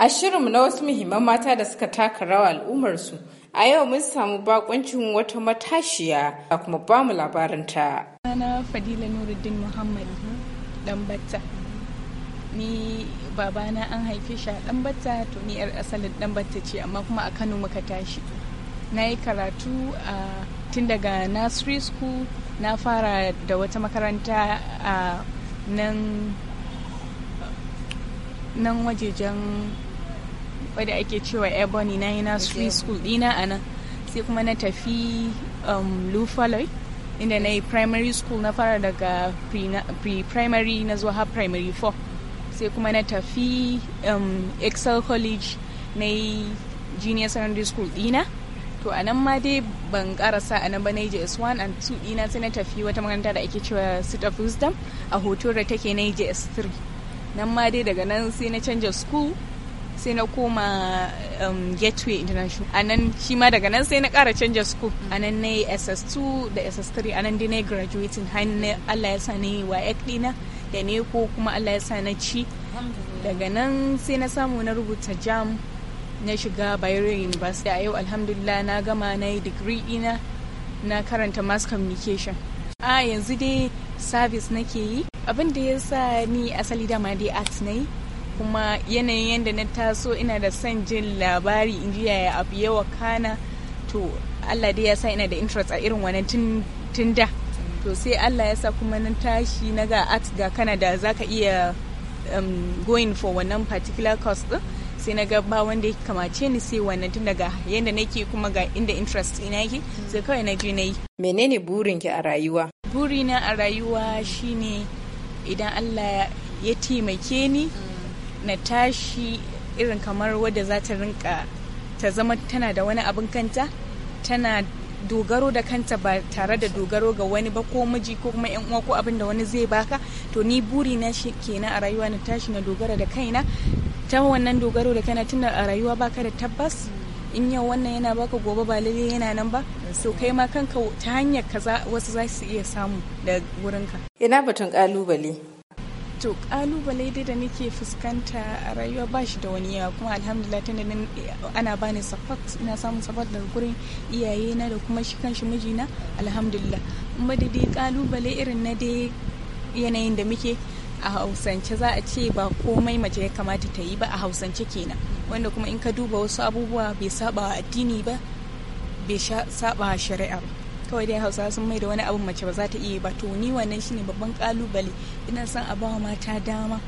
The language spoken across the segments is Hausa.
A shirinmu na wasu muhimman mata da suka taka rawa al'ummarsu, a yau mun samu bakoncin wata matashiya a kuma ba mu labarinta. Ana Fadila Nuruddin Muhammad Dambata. Ni babana an haife shi a Dambata to ni yar asalin Dambata ce amma kuma a Kano muka tashi. Na yi karatu a tun daga nursery school na fara da wata makaranta a nan wajejen wadda ake cewa ebony na yi na free school dina a nan sai kuma na tafi um, lufaloi inda na yi primary school na fara daga pre-primary na zuwa har primary 4 sai kuma na tafi um, excel college na yi junior secondary school dina to a nan ma dai ban karasa a nan ba na yi js1 and 2 dina sai na tafi wata makaranta da ake cewa seat of wisdom a hoto da take na yi js3 nan ma dai daga nan sai na canja school sai na koma um, gateway international a nan shi ma daga nan sai na kara canja school a nan na yi ss2 da ss3 a nan dai na yi graduating allah ya sa na yi wa dina e da ne ko kuma allah ya sa na ci daga nan sai na samu na rubuta jam na shiga Bayero University a yau alhamdulillah na gama na yi digiri dina na karanta mass communication. A yanzu dai service nake yi abin da ya sa ni asali dama dai art na yi kuma yanayin yadda na taso ina da son jin labari in ji yaya abu yawa kana to allah dai ya sa ina da interest a irin wannan tun da to sai allah ya sa kuma na tashi na ga art ga canada za ka iya um, going for wannan particular course din sai na ga ba wanda ya kamace ni sai wannan tun daga yadda nake kuma ga inda interest ina yake sai kawai na je na yi menene burinki a rayuwa burina a rayuwa shine idan allah ya taimake ni na tashi irin kamar wadda za ta rinka ta zama tana da wani abin kanta tana dogaro da kanta ba tare da dogaro ga wani ba ko miji ko kuma yan uwa ko abin da wani zai baka to ni buri na shi kenan a rayuwa na tashi na dogara da kaina ta wannan dogaro da kaina tunda a rayuwa baka da tabbas in yau wannan yana baka gobe ba lalle yana nan ba so kai ma kanka ta hanyar kaza wasu za su iya samu da wurinka ina batun kalubale to kalubale dai da nake fuskanta a rayuwa ba shi da wani yawa kuma alhamdulillah tunda eh, ana bani support ina samun support daga gurin iyaye na da kuma shi kanshi mijina alhamdulillah amma da dai kalubale irin na dai yanayin da muke a hausance za a ce ba komai mace ya kamata ta yi ba a hausance kenan wanda kuma in ka duba wasu abubuwa bai saba addini ba bai saba shari'a ba kawai dai hausa sun mai da wani abin mace ba za ta iya ba to ni wannan shine babban kalubale ina son a bawa mata dama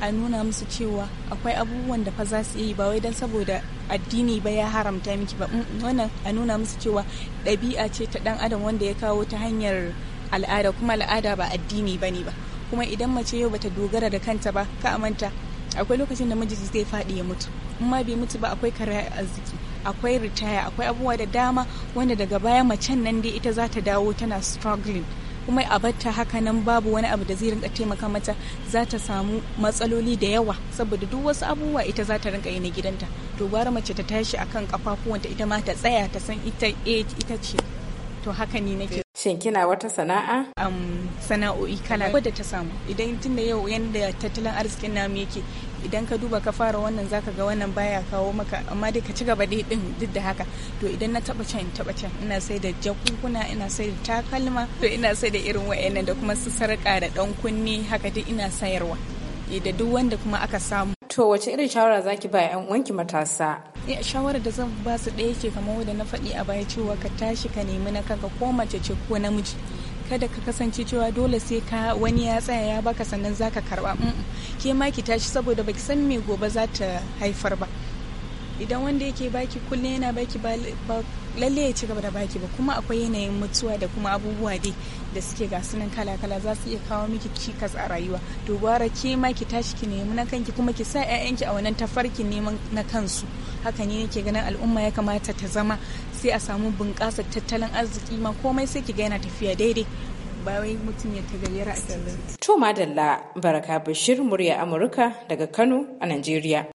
a nuna musu cewa akwai abubuwan da fa za su yi ba wai don saboda addini ba ya haramta miki ba wannan a nuna musu cewa ɗabi'a ce ta dan adam wanda ya kawo ta hanyar al'ada kuma al'ada ba addini ba ne ba kuma idan mace yau bata dogara da kanta ba ka manta akwai lokacin da mijiji zai faɗi ya mutu in ma bai mutu ba akwai kare arziki akwai ritaya akwai abubuwa da dama wanda daga baya macen nan dai ita za ta dawo tana struggling kuma a batta haka nan babu wani abu da zai rinka taimaka mata za ta samu matsaloli da yawa saboda duk wasu abubuwa ita za ta rinka yi na gidanta to gwara mace ta tashi akan kafafuwanta ita ma ta tsaya ta san ita ita ce to haka ni nake Shin kina wata sana'a? Um, sana'o'i kala wadda ta samu. Idan tunda yau yadda tattalin arzikin namu yake idan ka duba ka fara wannan zaka ga wannan baya kawo maka amma dai ka ci gaba dai din duk da haka to idan na taba can taba can ina sai da jakunkuna ina sai da takalma to ina sai da irin wayannan da kuma su sarka da ɗan kunne haka dai ina sayarwa eh, da duk wanda kuma aka samu To wace irin shawara za ki ba 'yan uwanki matasa? Ya shawarar da zan ba su ɗaya ce kamar wanda na faɗi a baya cewa ka tashi ka nemi na kanka ko mace ce ko namiji. kada ka kasance cewa dole sai ka wani ya tsaya ya baka sannan zaka karba ke ma ki tashi saboda baki san me gobe za ta haifar ba idan wanda yake baki kullum yana baki ba lalle ya ci gaba da baki ba kuma akwai yanayin mutuwa da kuma abubuwa dai da suke ga sunan kala-kala za su iya kawo miki cikas a rayuwa to gwara ke ma ki tashi ki nemi na kanki kuma ki sa 'ya'yanki a wannan tafarki neman na kansu haka ne nake ganin al'umma ya kamata ta zama sai a samu bunƙasa tattalin arziki ma komai sai ki ga yana tafiya daidai ba wai mutum ya tagayyara a To madalla Baraka Bashir murya Amurka daga Kano a Najeriya.